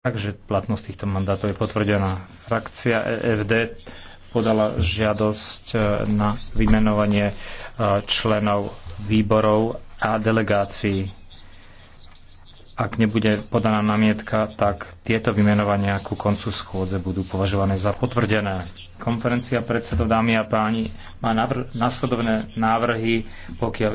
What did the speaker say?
Takže platnosť týchto mandátov je potvrdená. Frakcia EFD podala žiadosť e, na vymenovanie e, členov výborov a delegácií. Ak nebude podaná namietka, tak tieto vymenovania ku koncu schôdze budú považované za potvrdené. Konferencia predsedov dámy a páni má nasledovné návrhy, pokiaľ